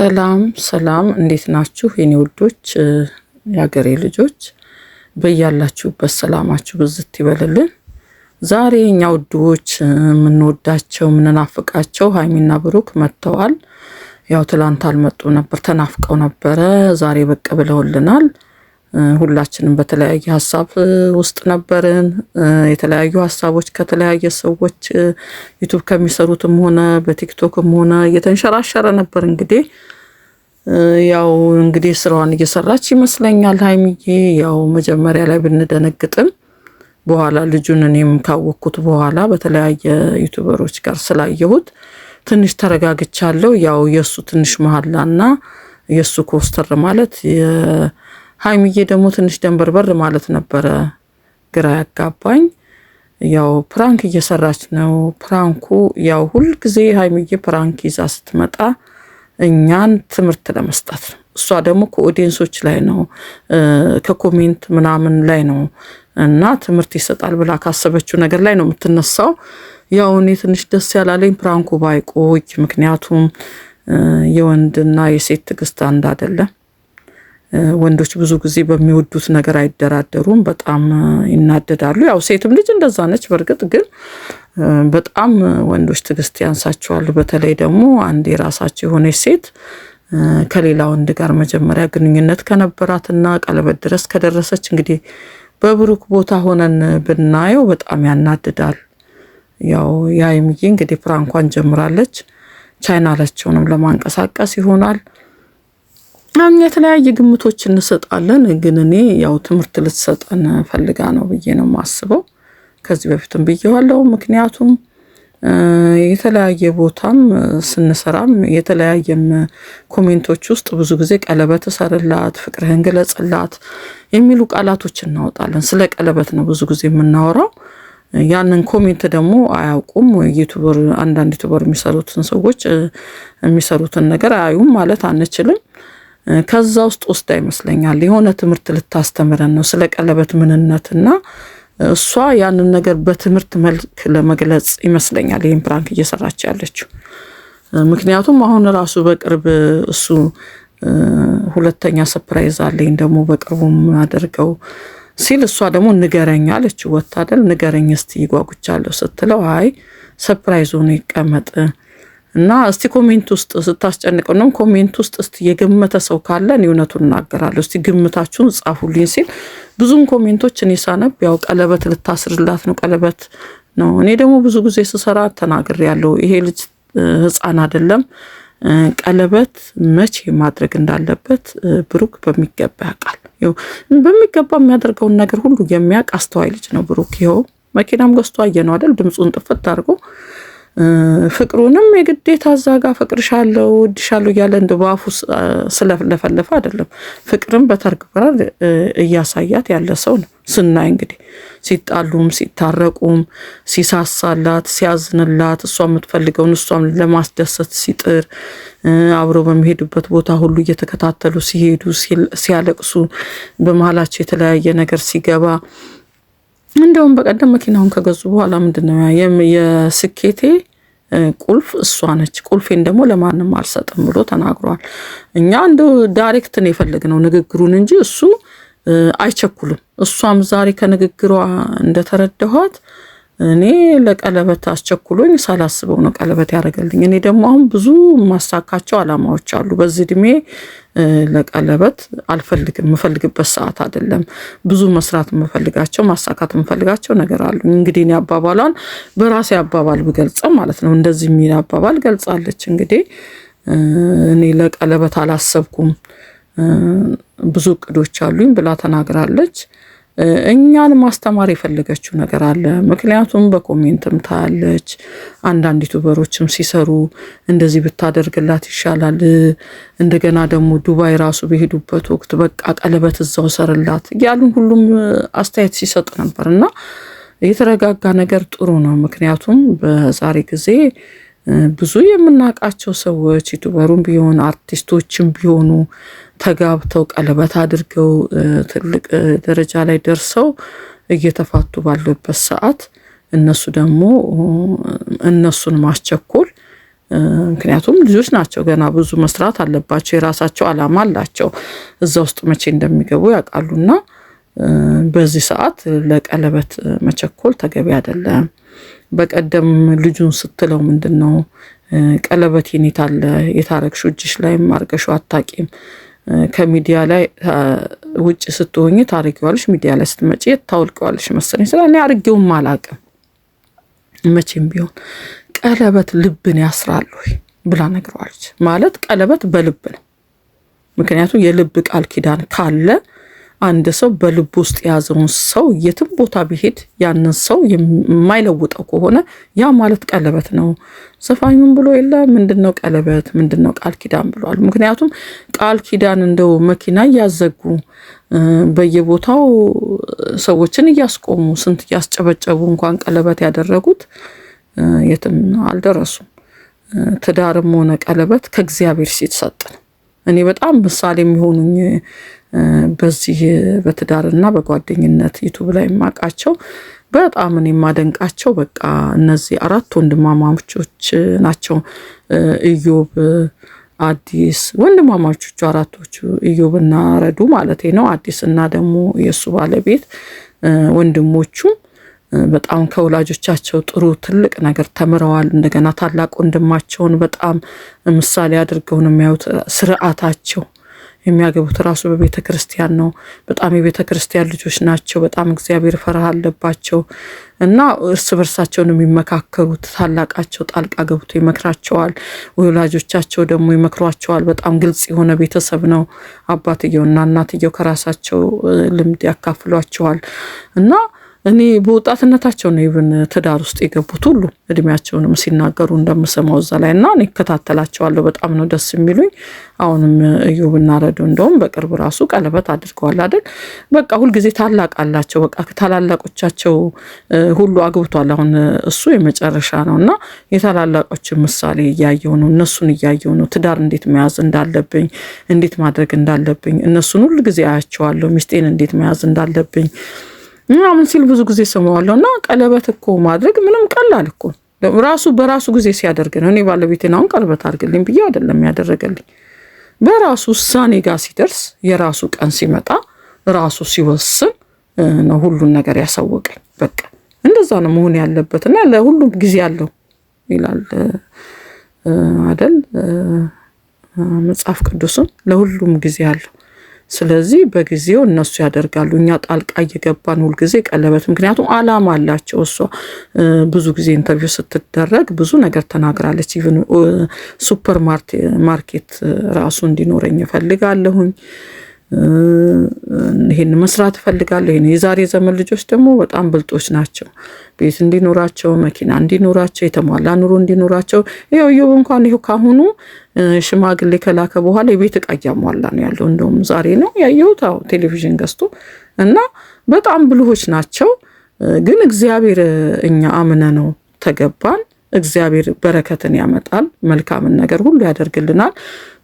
ሰላም ሰላም፣ እንዴት ናችሁ የኔ ውዶች፣ የሀገሬ ልጆች በያላችሁበት ሰላማችሁ ብዝት ይበልልን። ዛሬ እኛ ውድዎች የምንወዳቸው የምንናፍቃቸው ሀይሚና ብሩክ መጥተዋል። ያው ትላንት አልመጡ ነበር፣ ተናፍቀው ነበረ። ዛሬ በቅ ብለውልናል። ሁላችንም በተለያየ ሀሳብ ውስጥ ነበርን። የተለያዩ ሀሳቦች ከተለያየ ሰዎች ዩቱብ ከሚሰሩትም ሆነ በቲክቶክም ሆነ እየተንሸራሸረ ነበር። እንግዲህ ያው እንግዲህ ስራዋን እየሰራች ይመስለኛል ሀይሚዬ። ያው መጀመሪያ ላይ ብንደነግጥም በኋላ ልጁን እኔም ካወቅኩት በኋላ በተለያየ ዩቱበሮች ጋር ስላየሁት ትንሽ ተረጋግቻለሁ። ያው የእሱ ትንሽ መሀላና የእሱ ኮስተር ማለት ሀይሚዬ ደግሞ ትንሽ ደንበርበር ማለት ነበረ ግራ ያጋባኝ። ያው ፕራንክ እየሰራች ነው። ፕራንኩ ያው ሁልጊዜ ሀይሚዬ ፕራንክ ይዛ ስትመጣ እኛን ትምህርት ለመስጠት ነው። እሷ ደግሞ ከኦዲየንሶች ላይ ነው ከኮሜንት ምናምን ላይ ነው እና ትምህርት ይሰጣል ብላ ካሰበችው ነገር ላይ ነው የምትነሳው። ያው እኔ ትንሽ ደስ ያላለኝ ፕራንኩ ባይቆይ፣ ምክንያቱም የወንድና የሴት ትዕግስት አንድ አይደለም። ወንዶች ብዙ ጊዜ በሚወዱት ነገር አይደራደሩም፣ በጣም ይናደዳሉ። ያው ሴትም ልጅ እንደዛ ነች። በእርግጥ ግን በጣም ወንዶች ትዕግስት ያንሳቸዋል። በተለይ ደግሞ አንድ የራሳቸው የሆነች ሴት ከሌላ ወንድ ጋር መጀመሪያ ግንኙነት ከነበራትና ቀለበት ድረስ ከደረሰች እንግዲህ በብሩክ ቦታ ሆነን ብናየው በጣም ያናድዳል። ያው ያ እንግዲህ ፕራንኳን ጀምራለች። ቻይናላቸውንም ለማንቀሳቀስ ይሆናል አሁን የተለያየ ግምቶች እንሰጣለን፣ ግን እኔ ያው ትምህርት ልትሰጠን ፈልጋ ነው ብዬ ነው የማስበው። ከዚህ በፊትም ብየዋለው። ምክንያቱም የተለያየ ቦታም ስንሰራም የተለያየም ኮሜንቶች ውስጥ ብዙ ጊዜ ቀለበት እሰርላት፣ ፍቅርህን ግለጽላት የሚሉ ቃላቶች እናወጣለን። ስለ ቀለበት ነው ብዙ ጊዜ የምናወራው። ያንን ኮሜንት ደግሞ አያውቁም ዩቱበር፣ አንዳንድ ዩቱበር የሚሰሩትን ሰዎች የሚሰሩትን ነገር አያዩም ማለት አንችልም። ከዛ ውስጥ ውስጥ ይመስለኛል የሆነ ትምህርት ልታስተምረን ነው ስለ ቀለበት ምንነትና እሷ ያንን ነገር በትምህርት መልክ ለመግለጽ ይመስለኛል ይህን ፕራንክ እየሰራች ያለችው። ምክንያቱም አሁን ራሱ በቅርብ እሱ ሁለተኛ ሰፕራይዝ አለኝ ደግሞ በቅርቡ አደርገው ሲል እሷ ደግሞ ንገረኝ አለችው። ወታደል ንገረኝ እስቲ ይጓጉቻለሁ ስትለው አይ ሰፕራይዝ ሆኖ ይቀመጥ እና እስቲ ኮሜንት ውስጥ ስታስጨንቀው ነው ኮሜንት ውስጥ እስቲ የገመተ ሰው ካለ እኔ እውነቱን እናገራለሁ። እስቲ ግምታችሁን ጻፉልኝ ሲል ብዙም ኮሜንቶች እኔ ሳነብ ያው ቀለበት ልታስርላት ነው ቀለበት ነው። እኔ ደግሞ ብዙ ጊዜ ስሰራ ተናግሬ ያለው ይሄ ልጅ ህፃን አይደለም። ቀለበት መቼ ማድረግ እንዳለበት ብሩክ በሚገባ ያውቃል። በሚገባ የሚያደርገውን ነገር ሁሉ የሚያውቅ አስተዋይ ልጅ ነው ብሩክ። ይኸው መኪናም ገዝቶ አየ አይደል ድምፁን ጥፍት አድርጎ ፍቅሩንም የግዴታ እዛ ጋር እፈቅርሻለሁ እወድሻለሁ እያለ እንደ በአፉ ስለለፈለፈ አይደለም። ፍቅርም በተግባር እያሳያት ያለ ሰው ነው ስናይ እንግዲህ ሲጣሉም ሲታረቁም ሲሳሳላት ሲያዝንላት እሷ የምትፈልገውን እሷም ለማስደሰት ሲጥር አብረው በሚሄዱበት ቦታ ሁሉ እየተከታተሉ ሲሄዱ ሲያለቅሱ በመሀላቸው የተለያየ ነገር ሲገባ እንደውም በቀደም መኪናውን ከገዙ በኋላ ምንድነው የስኬቴ ቁልፍ እሷ ነች፣ ቁልፌን ደግሞ ለማንም አልሰጥም ብሎ ተናግሯል። እኛ እንደ ዳይሬክትን የፈለግነው ንግግሩን እንጂ እሱ አይቸኩልም። እሷም ዛሬ ከንግግሯ እንደተረዳኋት እኔ ለቀለበት አስቸኩሎኝ ሳላስበው ነው ቀለበት ያደረገልኝ። እኔ ደግሞ አሁን ብዙ የማሳካቸው አላማዎች አሉ። በዚህ እድሜ ለቀለበት አልፈልግም፣ የምፈልግበት ሰዓት አይደለም። ብዙ መስራት የምፈልጋቸው ማሳካት የምፈልጋቸው ነገር አሉ። እንግዲህ እኔ አባባሏን በራሴ አባባል ብገልጸው ማለት ነው እንደዚህ የሚል አባባል ገልጻለች። እንግዲህ እኔ ለቀለበት አላሰብኩም፣ ብዙ እቅዶች አሉኝ ብላ ተናግራለች። እኛን ማስተማር የፈለገችው ነገር አለ። ምክንያቱም በኮሜንትም ታያለች፣ አንዳንድ ዩቱበሮችም ሲሰሩ እንደዚህ ብታደርግላት ይሻላል፣ እንደገና ደግሞ ዱባይ ራሱ በሄዱበት ወቅት በቃ ቀለበት እዛው ሰርላት ያሉን ሁሉም አስተያየት ሲሰጥ ነበር እና የተረጋጋ ነገር ጥሩ ነው። ምክንያቱም በዛሬ ጊዜ ብዙ የምናውቃቸው ሰዎች ዩቱበሩም ቢሆን አርቲስቶችም ቢሆኑ ተጋብተው ቀለበት አድርገው ትልቅ ደረጃ ላይ ደርሰው እየተፋቱ ባለበት ሰዓት እነሱ ደግሞ እነሱን ማስቸኮል ምክንያቱም ልጆች ናቸው፣ ገና ብዙ መስራት አለባቸው። የራሳቸው አላማ አላቸው። እዛ ውስጥ መቼ እንደሚገቡ ያውቃሉና በዚህ ሰዓት ለቀለበት መቸኮል ተገቢ አይደለም። በቀደም ልጁን ስትለው ምንድን ነው ቀለበቴን የታለ የታረግሹ እጅሽ ላይም አርገሹ አታቂም ከሚዲያ ላይ ውጭ ስትሆኝ ታርጊዋለሽ፣ ሚዲያ ላይ ስትመጪ ታውልቂዋለሽ መሰለኝ እኔ አርጌውም አላቅም መቼም ቢሆን ቀለበት ልብን ያስራል ወይ ብላ ነግረዋለች። ማለት ቀለበት በልብ ነው። ምክንያቱም የልብ ቃል ኪዳን ካለ አንድ ሰው በልብ ውስጥ የያዘውን ሰው የትም ቦታ ቢሄድ ያንን ሰው የማይለውጠው ከሆነ ያ ማለት ቀለበት ነው። ዘፋኙም ብሎ የለ ምንድን ነው ቀለበት ምንድን ነው ቃል ኪዳን ብሏል። ምክንያቱም ቃል ኪዳን እንደው መኪና እያዘጉ በየቦታው ሰዎችን እያስቆሙ ስንት እያስጨበጨቡ እንኳን ቀለበት ያደረጉት የትም አልደረሱም። ትዳርም ሆነ ቀለበት ከእግዚአብሔር ሲሰጥ ነው። እኔ በጣም ምሳሌ የሚሆኑኝ በዚህ በትዳርና በጓደኝነት ዩቱብ ላይ የማውቃቸው በጣም እኔ የማደንቃቸው በቃ እነዚህ አራት ወንድማማቾች ናቸው። እዮብ አዲስ ወንድማማቾቹ አራቶቹ እዮብ እና ረዱ ማለት ነው። አዲስ እና ደግሞ የእሱ ባለቤት ወንድሞቹ በጣም ከወላጆቻቸው ጥሩ ትልቅ ነገር ተምረዋል። እንደገና ታላቅ ወንድማቸውን በጣም ምሳሌ አድርገው ነው የሚያዩት ስርዓታቸው የሚያገቡት ራሱ በቤተ ክርስቲያን ነው። በጣም የቤተ ክርስቲያን ልጆች ናቸው። በጣም እግዚአብሔር ፈርሃ አለባቸው እና እርስ በርሳቸውን የሚመካከሩት ታላቃቸው ጣልቃ ገብቶ ይመክራቸዋል። ወላጆቻቸው ደግሞ ይመክሯቸዋል። በጣም ግልጽ የሆነ ቤተሰብ ነው። አባትየውና እናትየው ከራሳቸው ልምድ ያካፍሏቸዋል እና እኔ በወጣትነታቸው ነው ይብን ትዳር ውስጥ የገቡት ሁሉ እድሜያቸውንም ሲናገሩ እንደምሰማው እዛ ላይ እና እኔ እከታተላቸዋለሁ። በጣም ነው ደስ የሚሉኝ። አሁንም እዩ እናረዱ እንደውም በቅርብ ራሱ ቀለበት አድርገዋል አይደል? በቃ ሁልጊዜ ታላቅ አላቸው። በቃ ታላላቆቻቸው ሁሉ አግብቷል። አሁን እሱ የመጨረሻ ነው እና የታላላቆችን ምሳሌ እያየው ነው፣ እነሱን እያየው ነው። ትዳር እንዴት መያዝ እንዳለብኝ፣ እንዴት ማድረግ እንዳለብኝ እነሱን ሁልጊዜ አያቸዋለሁ። ሚስጤን እንዴት መያዝ እንዳለብኝ ምናምን ሲል ብዙ ጊዜ ሰማዋለሁ። እና ቀለበት እኮ ማድረግ ምንም ቀላል እኮ ራሱ በራሱ ጊዜ ሲያደርግ ነው። እኔ ባለቤቴን አሁን ቀለበት አድርግልኝ ብዬ አይደለም ያደረገልኝ። በራሱ ውሳኔ ጋር ሲደርስ የራሱ ቀን ሲመጣ ራሱ ሲወስን ነው ሁሉን ነገር ያሳወቀኝ። በቃ እንደዛ ነው መሆን ያለበት እና ለሁሉም ጊዜ አለው ይላል አደል መጽሐፍ ቅዱስም ለሁሉም ጊዜ አለው። ስለዚህ በጊዜው እነሱ ያደርጋሉ። እኛ ጣልቃ እየገባን ሁልጊዜ ቀለበት፣ ምክንያቱም አላማ አላቸው። እሷ ብዙ ጊዜ ኢንተርቪው ስትደረግ ብዙ ነገር ተናግራለች። ኢቭን ሱፐር ማርኬት ራሱ እንዲኖረኝ እፈልጋለሁኝ ይሄን መስራት እፈልጋለሁ። ይሄን የዛሬ ዘመን ልጆች ደግሞ በጣም ብልጦች ናቸው። ቤት እንዲኖራቸው፣ መኪና እንዲኖራቸው፣ የተሟላ ኑሮ እንዲኖራቸው ይኸው እዮብ እንኳን ይኸው ካሁኑ ሽማግሌ ከላከ በኋላ የቤት እቃ እያሟላ ነው ያለው። እንደውም ዛሬ ነው ያየሁት ቴሌቪዥን ገዝቶ እና በጣም ብልሆች ናቸው። ግን እግዚአብሔር እኛ አምነ ነው ተገባን እግዚአብሔር በረከትን ያመጣል። መልካምን ነገር ሁሉ ያደርግልናል።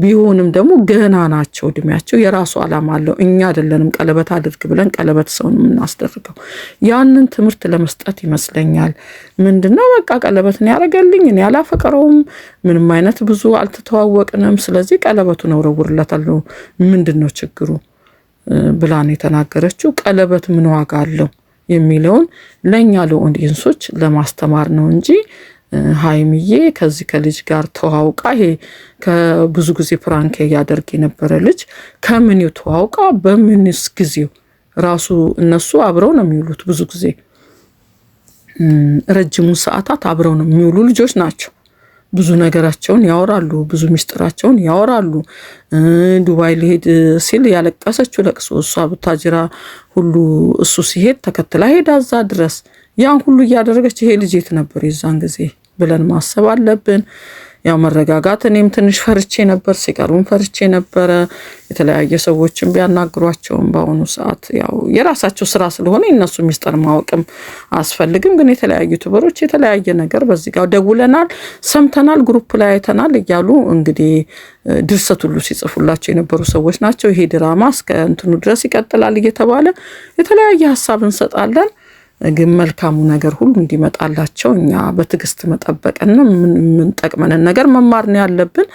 ቢሆንም ደግሞ ገና ናቸው። እድሜያቸው የራሱ ዓላማ አለው። እኛ አይደለንም ቀለበት አድርግ ብለን ቀለበት ሰውን የምናስደርገው። ያንን ትምህርት ለመስጠት ይመስለኛል። ምንድነው በቃ ቀለበትን ያደረገልኝ እኔ አላፈቀረውም፣ ምንም አይነት ብዙ አልተተዋወቅንም፣ ስለዚህ ቀለበቱን እወረውርለታለሁ። ምንድን ነው ችግሩ ብላን የተናገረችው ቀለበት ምን ዋጋ አለው የሚለውን ለእኛ ለኦዲየንሶች ለማስተማር ነው እንጂ ሀይሚዬ ከዚህ ከልጅ ጋር ተዋውቃ ይሄ ከብዙ ጊዜ ፕራንክ እያደርግ የነበረ ልጅ ከምን ተዋውቃ በምንስ ጊዜው ራሱ እነሱ አብረው ነው የሚውሉት። ብዙ ጊዜ ረጅሙን ሰዓታት አብረው ነው የሚውሉ ልጆች ናቸው። ብዙ ነገራቸውን ያወራሉ፣ ብዙ ሚስጥራቸውን ያወራሉ። ዱባይ ሊሄድ ሲል ያለቀሰችው ለቅሶ እሷ ብታጅራ ሁሉ እሱ ሲሄድ ተከትላ ሄዳ እዛ ድረስ ያን ሁሉ እያደረገች ይሄ ልጅ የት ነበር የዛን ጊዜ? ብለን ማሰብ አለብን። ያው መረጋጋት እኔም ትንሽ ፈርቼ ነበር፣ ሲቀርቡም ፈርቼ ነበረ። የተለያየ ሰዎችን ቢያናግሯቸውም በአሁኑ ሰዓት ያው የራሳቸው ስራ ስለሆነ የእነሱ ሚስጠር ማወቅም አስፈልግም ግን የተለያዩ ትበሮች የተለያየ ነገር በዚህ ጋር ደውለናል፣ ሰምተናል፣ ግሩፕ ላይ አይተናል እያሉ እንግዲህ ድርሰት ሁሉ ሲጽፉላቸው የነበሩ ሰዎች ናቸው። ይሄ ድራማ እስከ እንትኑ ድረስ ይቀጥላል እየተባለ የተለያየ ሀሳብ እንሰጣለን። ግን መልካሙ ነገር ሁሉ እንዲመጣላቸው እኛ በትዕግስት መጠበቅና የምንጠቅመንን ነገር መማርን ያለብን።